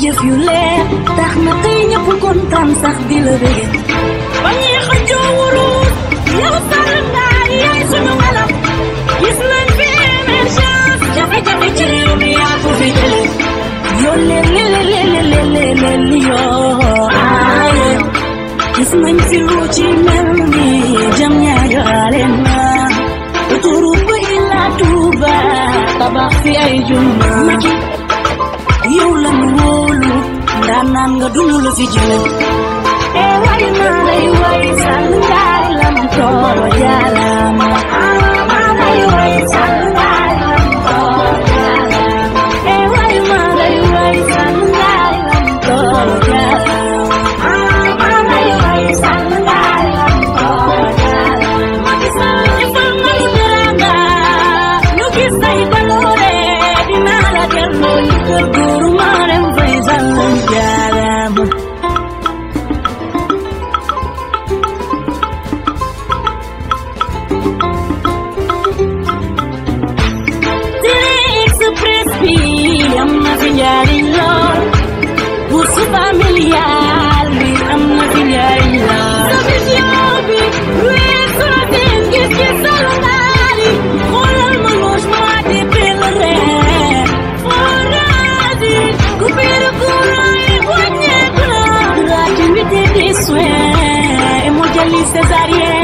jëf yu leer tax na tey ñëpp kontaan sax di la bëgg ba ñuy xëccoo wurus yow sàll ndaay yaay sunu alal gis nañ fi émergence jafe-jafe ci réew mi yaa ko fi jële yoo lelelelelelelele yoo aaye gis nañ fi lu ci mel ni jam ñaajo aleen naa autoroute ba Ila Touba tabax fi ay juma yow la mu daan naan nga dund lu fi jële e way naa lay way sa ngaari lam tooro jaala njariñ lool bourse familiale bi am na fi njariñ lool solution bi weesu na seen gis-gis solo naari xoolal ma logement di pèlerin forage couper le courant et wàññeeku na gratuité des soins hémodialyse césarienne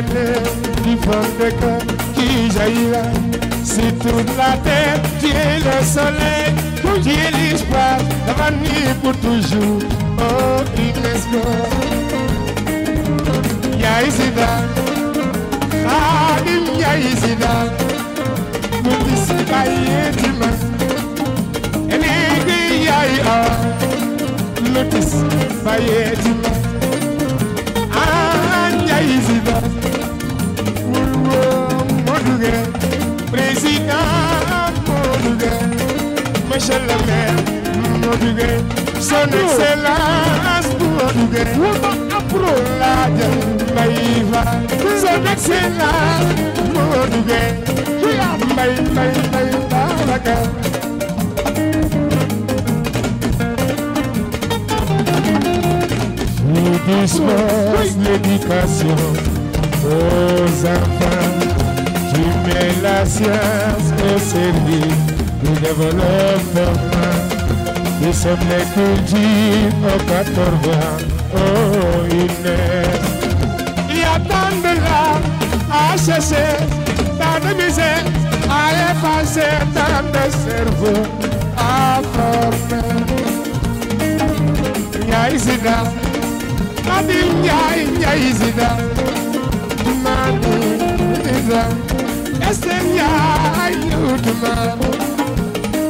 l'éther, du pomme de cœur qui jaillira. Si toute la terre, tu es le soleil, tu es l'espoir, l'avenir pour toujours. Oh, Iglesia, Yaïsida, Khadim Yaïsida, Moutisika Yétima, Enegri Yaïa, son excellence bu ma duggee. wu ma appro laajal mbay fa. son excellence bu ma duggee. ci la mbay mbay mbay baraka. ñu dispense l'éducation aux enfants. tu la science au service du développement. Nisemne kuji okatorba o ine Yatandela asese tanamise aye fase tande servo aforme Nyaizida e Nadi nyai e nyaizida Nadi nyaizida Esen nyai utuma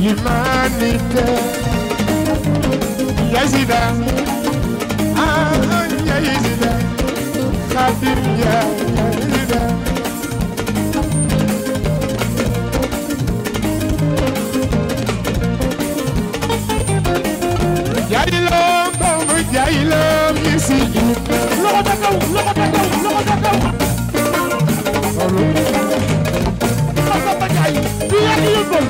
l'humanité. Yazida, ah Yazida, Khadim Yazida. Yailom, yailom, yisi. Lobo takau, lobo takau, lobo takau. Lobo takau, yailom.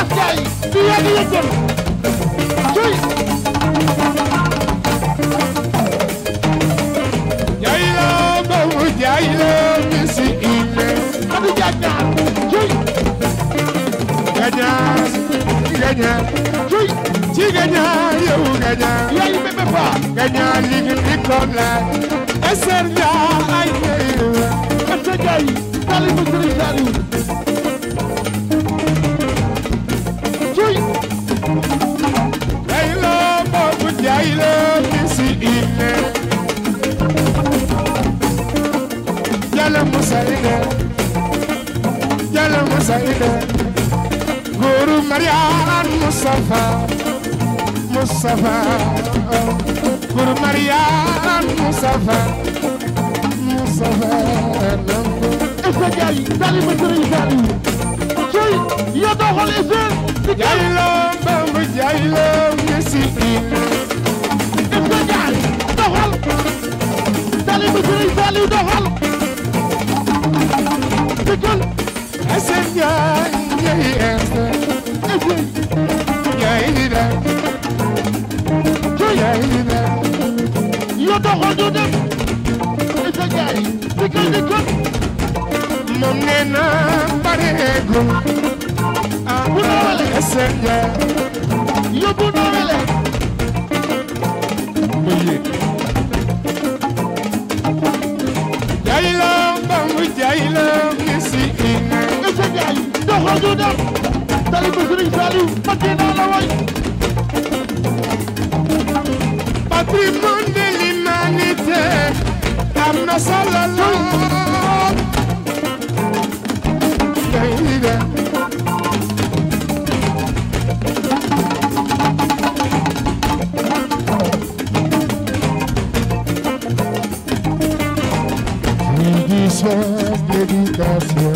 Fass Ndiaye fii yéen a yeggoon cuy Ndiaye la boobu Ndiaye la misi ile Adu Gagnas cuy Gagnas Gagnas cuy ci Gagnas yow Gagnas yaay bébé Fa Gagnas li nga dikkoon la eser la Mustafa Mustafa Pour Mariam Mustafa Mustafa Essa gali, dali ma jëriñ gali Cey, yo doxal essa Jaylo, bamba jaylo, mesiki Essa gali, doxal Dali ma jëriñ gali doxal Dikul Essa gali, yeah, yeah taxoon ñu dem Issa Ndiaye dikkal dikkal moom nee na pareegul bu nawale Issa Ndiaye yóbbu nawale ma yéeg jaay la mbangu jaay la misi ina Issa Ndiaye taxoon ñu dem talibu Sëriñ Saliou Madina la way patrimoine nite am na solo lool gaynde ñu ngi soog l'éducation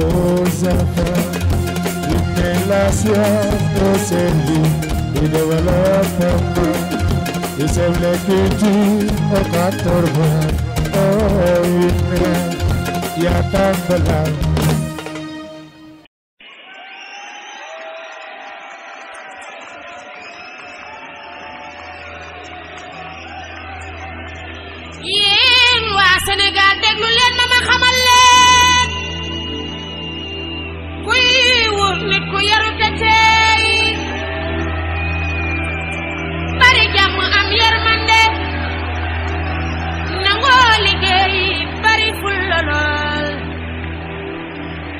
aux enfants une nation au service du développement ìṣẹ̀lẹ̀ kejì ọkà tọrọ ọ̀rọ̀ ìmìíràn yàtọ̀ gbọ́dọ̀. yéen waa Sénégal déglu leen na ma xamal leen kuy wër nit ku yarut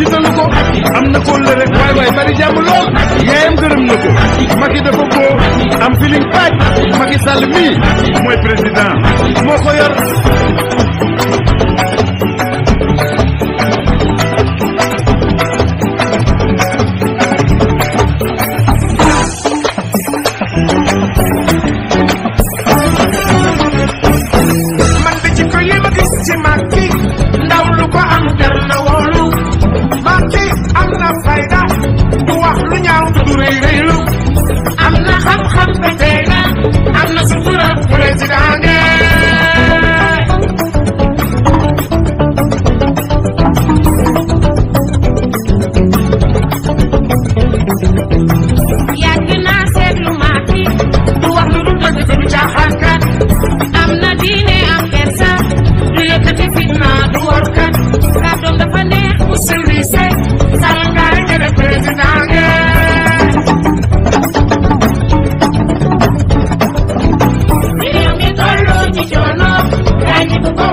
tiitalu ko am na ko le rek waay waay bari jàmm lool yaayam gërëm na ko Macky dafa ko am feeling paaj Macky Sall mii mooy président moo ko yor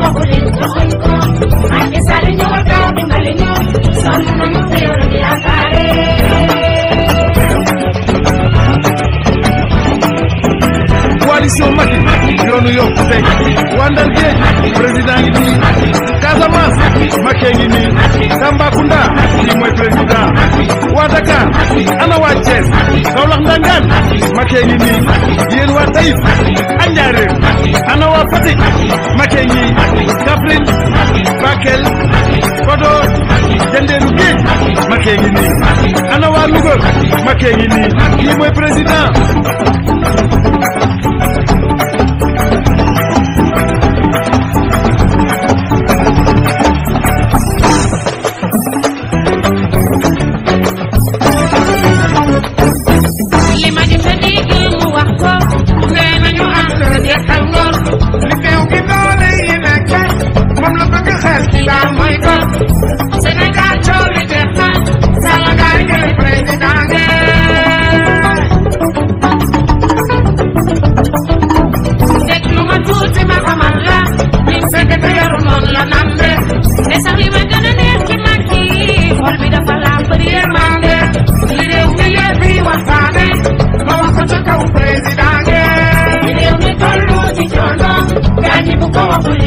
bokk leen joxuñ ko Macky Sall ñëwal gaaw dimbali ñu sonn nañu réew mi yaakaare coalition Macky yoonu yokku tey wandal géej président ngi nii Casamance Macky ngi kii mooy président waa Dakar ana waa Thiès Kaolack ndangaan Macky ngi nii yéen waa Taïf ak Njaaréem ana waa Fatick Macky Bakel Podor Jëndeenu géej Macky ngi nii ana waa Louga kii mooy président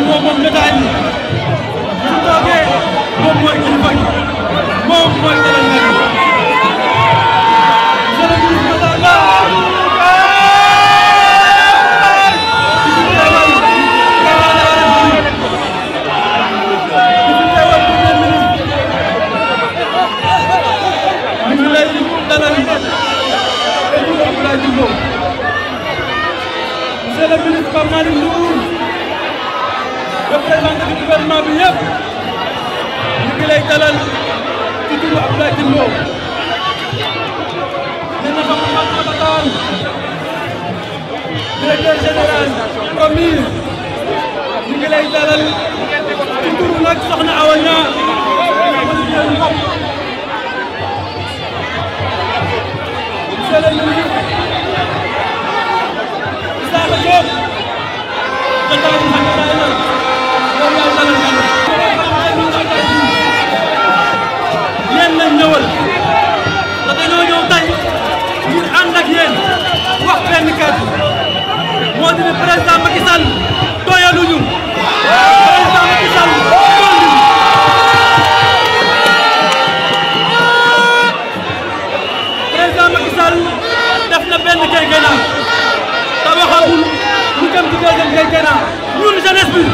moom moom moom médaille yi su toogee moom mooy kilifa gi moom mooy keneen nag Malick Ndour représentant du gouvernement bi yëpp ñu ngi lay dalal ci turu Abdoulaye Tine Ndao dina fa Mouhamed Abataan directeur général commune ñu ngi lay dalal ci turu nag soxna Awa Niang monsieur le ministre Isaka Diop ñëwal te dañoo ñëw tey ngir yéen wax benn kàddu moo di ne président Macky Sall doyaluñu président Macky Sall dolluñu président Macky Sall def na benn quinquennat te waxagul lu jëm ci deuxième quinquennat ñun jeunesse bi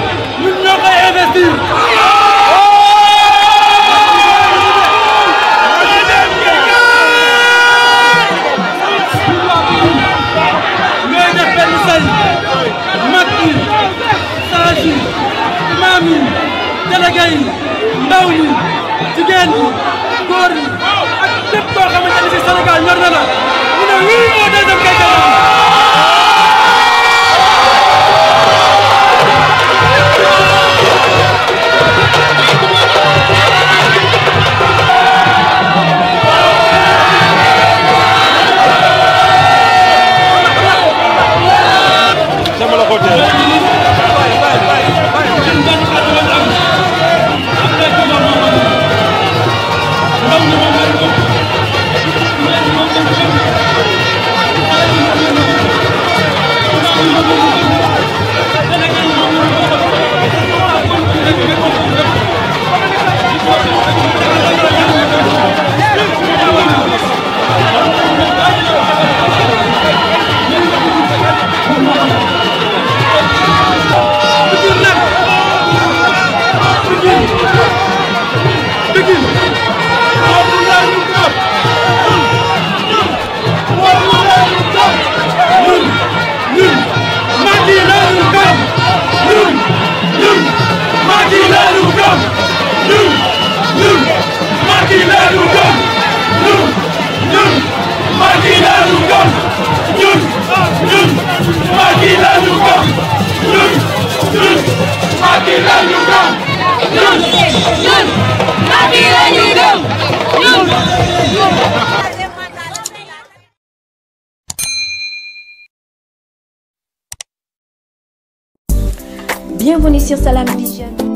sur Salam Vision